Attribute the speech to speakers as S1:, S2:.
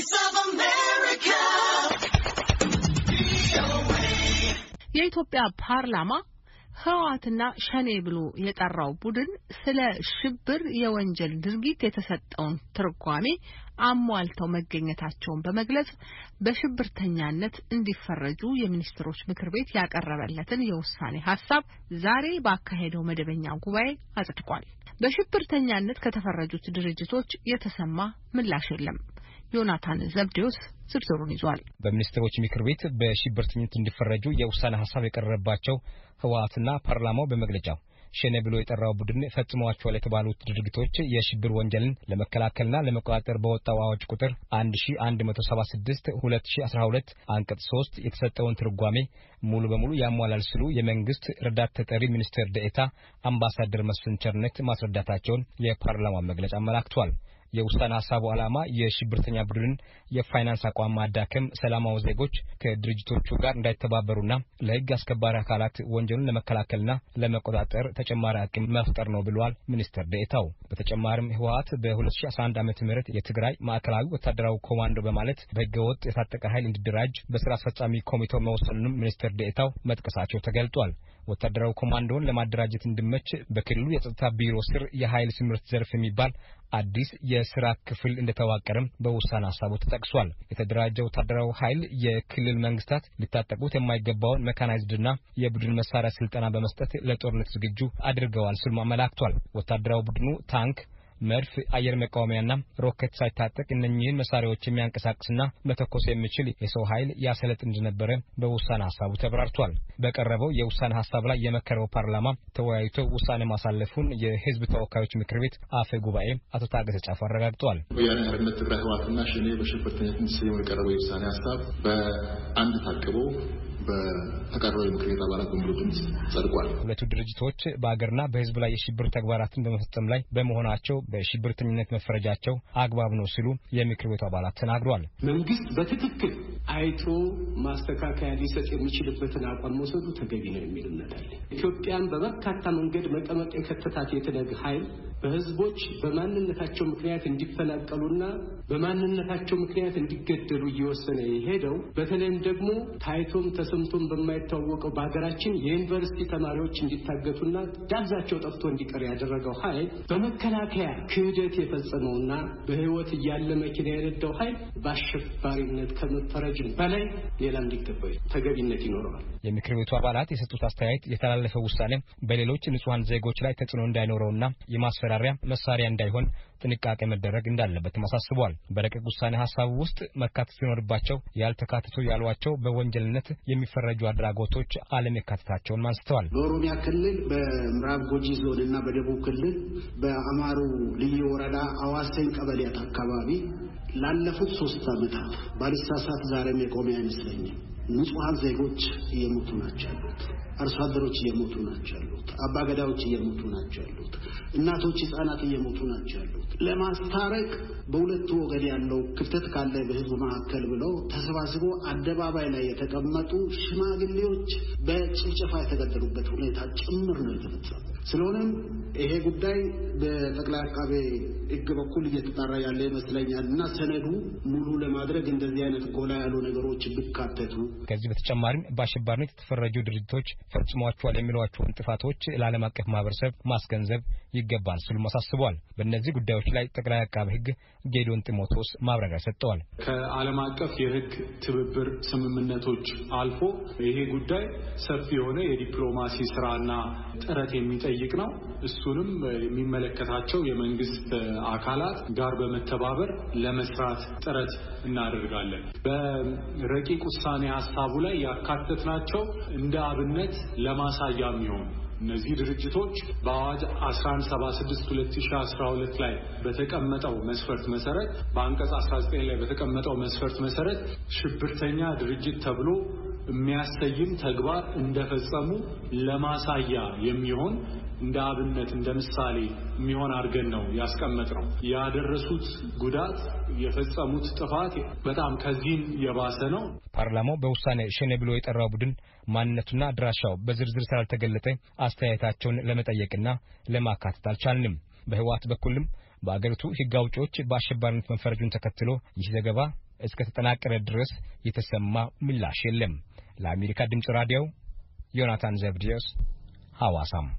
S1: Voice of America.
S2: የኢትዮጵያ ፓርላማ ህወሓትና ሸኔ ብሎ የጠራው ቡድን ስለ ሽብር የወንጀል ድርጊት የተሰጠውን ትርጓሜ አሟልተው መገኘታቸውን በመግለጽ በሽብርተኛነት እንዲፈረጁ የሚኒስትሮች ምክር ቤት ያቀረበለትን የውሳኔ ሀሳብ ዛሬ ባካሄደው መደበኛ ጉባኤ አጽድቋል። በሽብርተኛነት ከተፈረጁት ድርጅቶች የተሰማ ምላሽ የለም። ዮናታን ዘብዴዎስ ዝርዝሩን ይዟል። በሚኒስትሮች ምክር ቤት በሽብርተኝነት እንዲፈረጁ የውሳኔ ሀሳብ የቀረበባቸው ህወሀትና ፓርላማው በመግለጫው ሸኔ ብሎ የጠራው ቡድን ፈጽሟቸዋል የተባሉት ድርጊቶች የሽብር ወንጀልን ለመከላከልና ለመቆጣጠር በወጣው አዋጅ ቁጥር 1176 2012 አንቀጽ 3 የተሰጠውን ትርጓሜ ሙሉ በሙሉ ያሟላል ሲሉ የመንግስት ረዳት ተጠሪ ሚኒስትር ደኤታ አምባሳደር መስፍን ቸርነት ማስረዳታቸውን የፓርላማ መግለጫ አመላክቷል። የውሳኔ ሀሳቡ ዓላማ የሽብርተኛ ቡድንን የፋይናንስ አቋም ማዳከም፣ ሰላማዊ ዜጎች ከድርጅቶቹ ጋር እንዳይተባበሩና ለህግ አስከባሪ አካላት ወንጀሉን ለመከላከልና ለመቆጣጠር ተጨማሪ አቅም መፍጠር ነው ብለዋል ሚኒስትር ዴኤታው። በተጨማሪም ህወሀት በ2011 ዓ ም የትግራይ ማዕከላዊ ወታደራዊ ኮማንዶ በማለት በህገወጥ የታጠቀ ኃይል እንዲደራጅ በስራ አስፈጻሚ ኮሚቴው መወሰኑንም ሚኒስትር ዴኤታው መጥቀሳቸው ተገልጧል። ወታደራዊ ኮማንዶውን ለማደራጀት እንዲመች በክልሉ የጸጥታ ቢሮ ስር የኃይል ስምርት ዘርፍ የሚባል አዲስ የስራ ክፍል እንደተዋቀረም በውሳኔ ሀሳቡ ተጠቅሷል። የተደራጀ ወታደራዊ ኃይል የክልል መንግስታት ሊታጠቁት የማይገባውን መካናይዝድና የቡድን መሳሪያ ስልጠና በመስጠት ለጦርነት ዝግጁ አድርገዋል ሲሉም አመላክቷል። ወታደራዊ ቡድኑ ታንክ መድፍ፣ አየር መቃወሚያና ሮኬት ሳይታጠቅ እነኚህን መሳሪያዎች የሚያንቀሳቅስና መተኮስ የሚችል የሰው ኃይል ያሰለጥ እንደነበረ በውሳኔ ሀሳቡ ተብራርቷል። በቀረበው የውሳኔ ሀሳብ ላይ የመከረው ፓርላማ ተወያይቶ ውሳኔ ማሳለፉን የህዝብ ተወካዮች ምክር ቤት አፈ ጉባኤ አቶ ታገሰ ጫፉ አረጋግጠዋል።
S1: ወያኔ ሓርነት ትግራይ ህወሓትና ሸኔ በሽብርተኝነት የቀረበው የውሳኔ ሀሳብ በአንድ ታቅቦ በተቀረው የምክር ቤት አባላት በሙሉ ድምፅ ጸድቋል።
S2: ሁለቱ ድርጅቶች በሀገርና በህዝብ ላይ የሽብር ተግባራትን በመፈጸም ላይ በመሆናቸው በሽብርተኝነት መፈረጃቸው አግባብ ነው ሲሉ የምክር ቤቱ አባላት ተናግሯል።
S3: መንግስት በትክክል አይቶ ማስተካከያ ሊሰጥ የሚችልበትን አቋም መውሰዱ ተገቢ ነው የሚል እምነት አለ። ኢትዮጵያን በበርካታ መንገድ መቀመቅ የከተታት የተነግ ኃይል በህዝቦች በማንነታቸው ምክንያት እንዲፈናቀሉና በማንነታቸው ምክንያት እንዲገደሉ እየወሰነ የሄደው በተለይም ደግሞ ታይቶም ተስ ጥንቱን በማይታወቀው በሀገራችን የዩኒቨርሲቲ ተማሪዎች እንዲታገቱና ዳብዛቸው ጠፍቶ እንዲቀር ያደረገው ኃይል በመከላከያ ክህደት የፈጸመውና በህይወት እያለ መኪና የነዳው ኃይል በአሸባሪነት ከመፈረጅን በላይ ሌላ እንዲገባ ተገቢነት ይኖረዋል።
S2: የምክር ቤቱ አባላት የሰጡት አስተያየት የተላለፈው ውሳኔ በሌሎች ንጹሐን ዜጎች ላይ ተጽዕኖ እንዳይኖረውና የማስፈራሪያ መሳሪያ እንዳይሆን ጥንቃቄ መደረግ እንዳለበትም አሳስቧል። በረቂቅ ውሳኔ ሀሳብ ውስጥ መካተት ሲኖርባቸው ያልተካተቱ ያሏቸው በወንጀልነት የሚፈረጁ አድራጎቶች አለመካተታቸውን አንስተዋል።
S3: በኦሮሚያ ክልል በምዕራብ ጎጂ ዞን እና በደቡብ ክልል በአማሩ ልዩ ወረዳ አዋሰኝ ቀበሌያት አካባቢ ላለፉት ሶስት ዓመታት ባልሳሳት ዛሬም የቆመ አይመስለኝም ንጹሐን ዜጎች እየሞቱ ናቸው ያሉት፣ አርሶ አደሮች እየሞቱ ናቸው ያሉት፣ አባገዳዎች እየሞቱ ናቸው ያሉት፣ እናቶች ህጻናት እየሞቱ ናቸው ያሉት ለማስታረቅ በሁለቱ ወገን ያለው ክፍተት ካለ በህዝብ መካከል ብለው ተሰባስቦ አደባባይ ላይ የተቀመጡ ሽማግሌዎች በጭፍጨፋ የተገደሉበት ሁኔታ ጭምር ነው የተፈጸመው። ስለሆነም ይሄ ጉዳይ በጠቅላይ አቃቤ ሕግ በኩል እየተጣራ ያለ ይመስለኛል እና ሰነዱ ሙሉ ለማድረግ እንደዚህ አይነት ጎላ ያሉ ነገሮች ቢካተቱ
S2: ከዚህ በተጨማሪም በአሸባሪነት የተፈረጁ ድርጅቶች ፈጽሟቸዋል የሚሏቸውን ጥፋቶች ለዓለም አቀፍ ማህበረሰብ ማስገንዘብ ይገባል ሲሉም አሳስቧል በእነዚህ ጉዳዮች ላይ ጠቅላይ አቃቤ ሕግ ጌዶን ጢሞቴዎስ ማብራሪያ ሰጥተዋል።
S1: ከዓለም አቀፍ የሕግ ትብብር ስምምነቶች አልፎ ይሄ ጉዳይ ሰፊ የሆነ የዲፕሎማሲ ስራና ጥረት የሚጠይቅ ነው። እሱንም የሚመለከታቸው የመንግስት አካላት ጋር በመተባበር ለመስራት ጥረት እናደርጋለን። በረቂቅ ውሳኔ ሀሳቡ ላይ ያካተትናቸው እንደ አብነት ለማሳያ የሚሆኑ እነዚህ ድርጅቶች በአዋጅ 1176 2012 ላይ በተቀመጠው መስፈርት መሰረት በአንቀጽ 19 ላይ በተቀመጠው መስፈርት መሰረት ሽብርተኛ ድርጅት ተብሎ የሚያሰይም ተግባር እንደፈጸሙ ለማሳያ የሚሆን እንደ አብነት እንደ ምሳሌ የሚሆን አድርገን ነው ያስቀመጥነው። ያደረሱት ጉዳት፣ የፈጸሙት ጥፋት በጣም ከዚህም የባሰ ነው።
S2: ፓርላማው በውሳኔ ሸኔ ብሎ የጠራው ቡድን ማንነቱና አድራሻው በዝርዝር ስላልተገለጠ አስተያየታቸውን ለመጠየቅና ለማካተት አልቻልንም። በህወሓት በኩልም በአገሪቱ ህግ አውጪዎች በአሸባሪነት መፈረጁን ተከትሎ ይህ ዘገባ እስከተጠናቀረ ድረስ የተሰማ ምላሽ የለም። ለአሜሪካ ድምፅ ራዲዮ ዮናታን ዘብዲዮስ ሐዋሳም